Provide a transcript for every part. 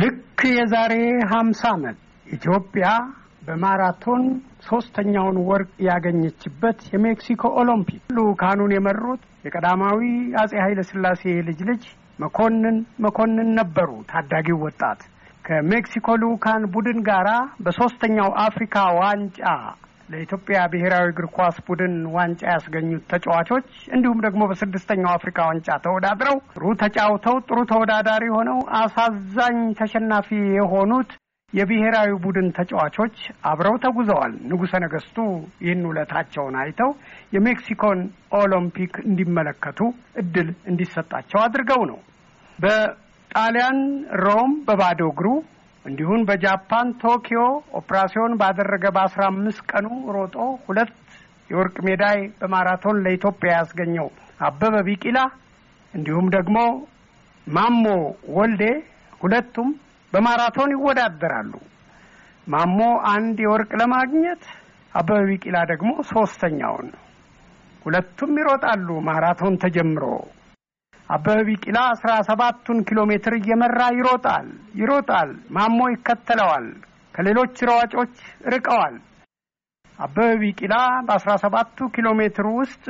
ልክ የዛሬ ሀምሳ ዓመት ኢትዮጵያ በማራቶን ሶስተኛውን ወርቅ ያገኘችበት የሜክሲኮ ኦሎምፒክ ልዑካኑን የመሩት የቀዳማዊ አጼ ኃይለ ስላሴ ልጅ ልጅ መኮንን መኮንን ነበሩ። ታዳጊው ወጣት ከሜክሲኮ ልዑካን ቡድን ጋራ በሶስተኛው አፍሪካ ዋንጫ ለኢትዮጵያ ብሔራዊ እግር ኳስ ቡድን ዋንጫ ያስገኙት ተጫዋቾች እንዲሁም ደግሞ በስድስተኛው አፍሪካ ዋንጫ ተወዳድረው ጥሩ ተጫውተው ጥሩ ተወዳዳሪ ሆነው አሳዛኝ ተሸናፊ የሆኑት የብሔራዊ ቡድን ተጫዋቾች አብረው ተጉዘዋል። ንጉሠ ነገሥቱ ይህን ውለታቸውን አይተው የሜክሲኮን ኦሎምፒክ እንዲመለከቱ እድል እንዲሰጣቸው አድርገው ነው። በጣሊያን ሮም በባዶ እግሩ እንዲሁም በጃፓን ቶኪዮ ኦፕራሲዮን ባደረገ በአስራ አምስት ቀኑ ሮጦ ሁለት የወርቅ ሜዳይ በማራቶን ለኢትዮጵያ ያስገኘው አበበ ቢቂላ እንዲሁም ደግሞ ማሞ ወልዴ ሁለቱም በማራቶን ይወዳደራሉ። ማሞ አንድ የወርቅ ለማግኘት አበበ ቢቂላ ደግሞ ሶስተኛውን። ሁለቱም ይሮጣሉ ማራቶን ተጀምሮ አበበ ቢቂላ አስራ ሰባቱን ኪሎ ሜትር እየመራ ይሮጣል ይሮጣል። ማሞ ይከተለዋል። ከሌሎች ሯጮች ርቀዋል። አበበ ቢቂላ በአስራ ሰባቱ ኪሎ ሜትር ውስጥ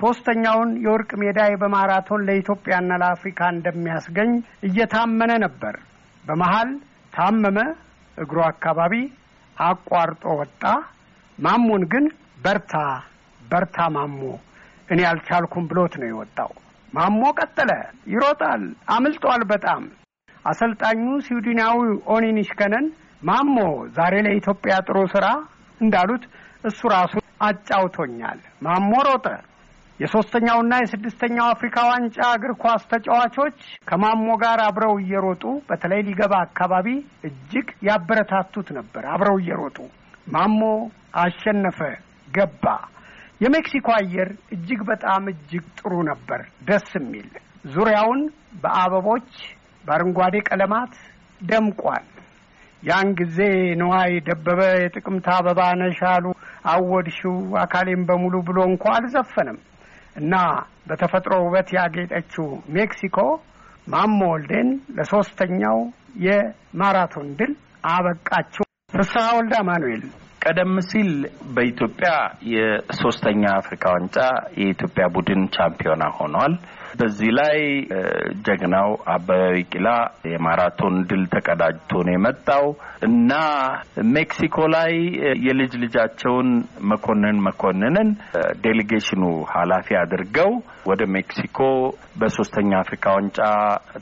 ሶስተኛውን የወርቅ ሜዳይ በማራቶን ለኢትዮጵያና ለአፍሪካ እንደሚያስገኝ እየታመነ ነበር። በመሀል ታመመ። እግሩ አካባቢ አቋርጦ ወጣ። ማሞን ግን በርታ በርታ ማሞ እኔ አልቻልኩም ብሎት ነው የወጣው። ማሞ ቀጠለ፣ ይሮጣል፣ አምልጧል በጣም አሰልጣኙ ስዊድናዊ ከነን ማሞ ዛሬ ለኢትዮጵያ ጥሩ ስራ እንዳሉት እሱ ራሱ አጫውቶኛል። ማሞ ሮጠ። የሶስተኛውና የስድስተኛው አፍሪካ ዋንጫ እግር ኳስ ተጫዋቾች ከማሞ ጋር አብረው እየሮጡ በተለይ ሊገባ አካባቢ እጅግ ያበረታቱት ነበር። አብረው እየሮጡ ማሞ አሸነፈ፣ ገባ። የሜክሲኮ አየር እጅግ በጣም እጅግ ጥሩ ነበር፣ ደስ የሚል ዙሪያውን በአበቦች በአረንጓዴ ቀለማት ደምቋል። ያን ጊዜ ነዋይ ደበበ የጥቅምት አበባ ነሻሉ አወድሽው አካሌም በሙሉ ብሎ እንኳ አልዘፈንም እና በተፈጥሮ ውበት ያጌጠችው ሜክሲኮ ማሞ ወልዴን ለሶስተኛው የማራቶን ድል አበቃችው። ፍስሐ ወልዳ ማኑኤል። ቀደም ሲል በኢትዮጵያ የሶስተኛ አፍሪካ ዋንጫ የኢትዮጵያ ቡድን ቻምፒዮና ሆኗል። በዚህ ላይ ጀግናው አበበ ቢቂላ የማራቶን ድል ተቀዳጅቶ ነው የመጣው እና ሜክሲኮ ላይ የልጅ ልጃቸውን መኮንን መኮንንን ዴሌጌሽኑ ኃላፊ አድርገው ወደ ሜክሲኮ በሶስተኛ አፍሪካ ዋንጫ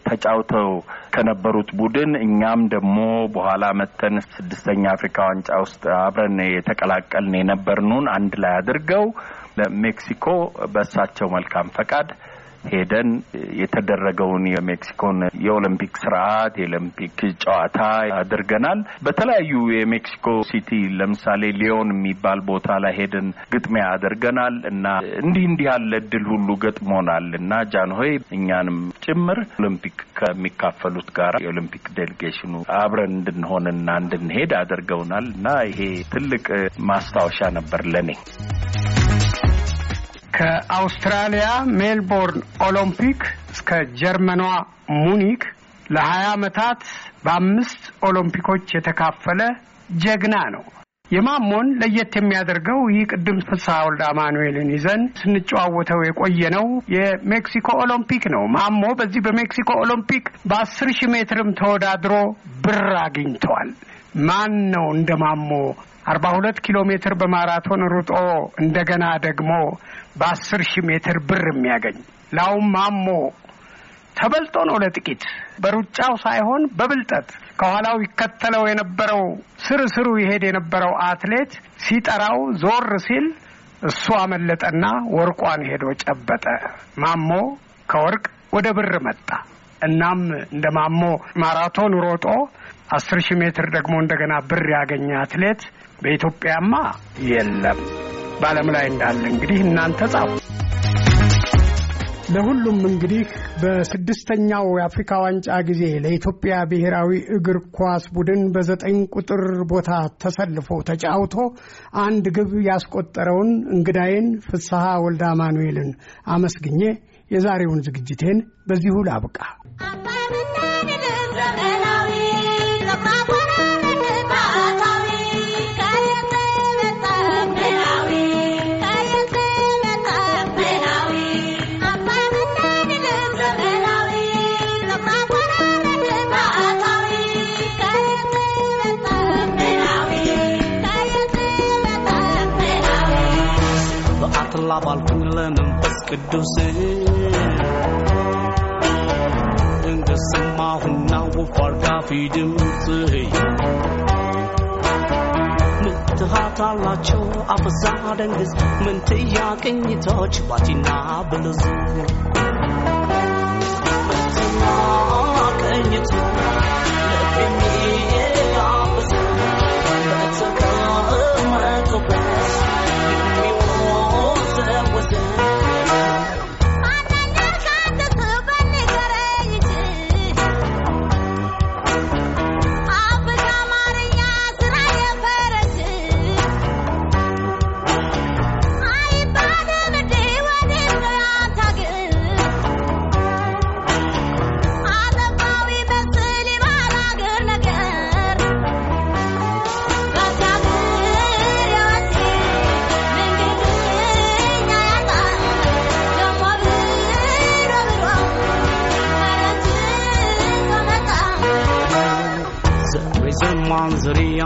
ተጫውተው ከነበሩት ቡድን እኛም ደግሞ በኋላ መተን ስድስተኛ አፍሪካ ዋንጫ ውስጥ አብረ አብረን የተቀላቀልን የነበርኑን አንድ ላይ አድርገው ለሜክሲኮ በእሳቸው መልካም ፈቃድ ሄደን የተደረገውን የሜክሲኮን የኦሎምፒክ ስርዓት የኦሎምፒክ ጨዋታ አድርገናል። በተለያዩ የሜክሲኮ ሲቲ ለምሳሌ ሊዮን የሚባል ቦታ ላይ ሄደን ግጥሚያ አድርገናል እና እንዲህ እንዲህ ያለ እድል ሁሉ ገጥሞናል እና ጃንሆይ እኛንም ጭምር ኦሎምፒክ ከሚካፈሉት ጋር የኦሎምፒክ ዴሌጌሽኑ አብረን እንድንሆንና እንድንሄድ አድርገውናል እና ይሄ ትልቅ ማስታወሻ ነበር ለእኔ። ከአውስትራሊያ ሜልቦርን ኦሎምፒክ እስከ ጀርመኗ ሙኒክ ለሀያ ዓመታት በአምስት ኦሎምፒኮች የተካፈለ ጀግና ነው። የማሞን ለየት የሚያደርገው ይህ ቅድም ፍስሐ ወልደ አማኑኤልን ይዘን ስንጨዋወተው የቆየ ነው የሜክሲኮ ኦሎምፒክ ነው። ማሞ በዚህ በሜክሲኮ ኦሎምፒክ በአስር ሺህ ሜትርም ተወዳድሮ ብር አግኝተዋል። ማን ነው እንደ ማሞ አርባ ሁለት ኪሎ ሜትር በማራቶን ሩጦ እንደገና ደግሞ በአስር ሺህ ሜትር ብር የሚያገኝ ላውም ማሞ ተበልጦ ነው ለጥቂት በሩጫው ሳይሆን በብልጠት ከኋላው ይከተለው የነበረው ስር ስሩ ይሄድ የነበረው አትሌት ሲጠራው ዞር ሲል እሱ አመለጠና ወርቋን ሄዶ ጨበጠ። ማሞ ከወርቅ ወደ ብር መጣ። እናም እንደ ማሞ ማራቶን ሮጦ አስር ሺህ ሜትር ደግሞ እንደገና ብር ያገኘ አትሌት በኢትዮጵያማ የለም። በዓለም ላይ እንዳለ እንግዲህ እናንተ ጻፉ። ለሁሉም እንግዲህ በስድስተኛው የአፍሪካ ዋንጫ ጊዜ ለኢትዮጵያ ብሔራዊ እግር ኳስ ቡድን በዘጠኝ ቁጥር ቦታ ተሰልፎ ተጫውቶ አንድ ግብ ያስቆጠረውን እንግዳዬን ፍስሐ ወልዳ አማኑኤልን አመስግኜ የዛሬውን ዝግጅቴን በዚሁ ላብቃ። tnkesemahunna wu parga fi dimti hey mitthata laco apxaden i menti yaken nyitocbati na belzuu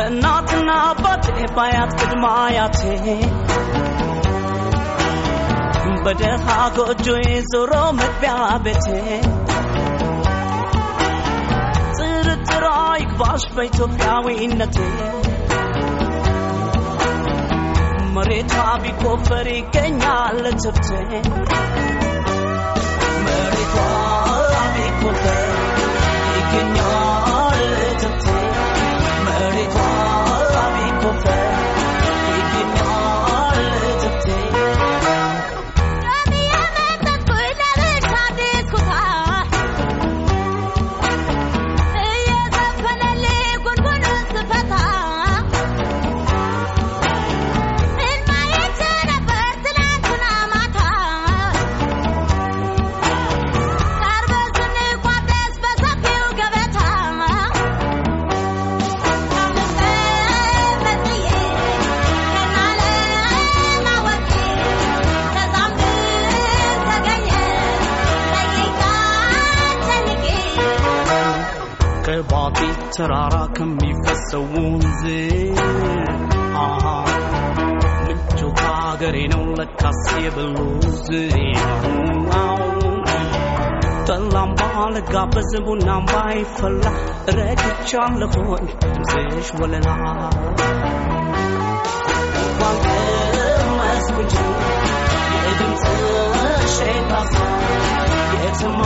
በእናትና አባቴ ባያት ቅድማ አያቴ በደሃ ጎጆ ዞሮ መግቢያ ቤቴ ጥርጥሯ ይግባሽ በኢትዮጵያዊነቴ መሬቷ ቢቆፈር ይገኛል ትብቴ መሬቷ ቢቆፈር ይገኛል ተራራ ከሚፈሰው ወንዝ ምንጩ ከሀገሬ ነው ለካስ የበሉዝ ጠላም ባልጋበዝ ቡናም ባይፈላ ረግቻለሁኝ ድምፅሽ ወለላ ባልቀመስኩ የድምፅሽ ጣፋ የትማ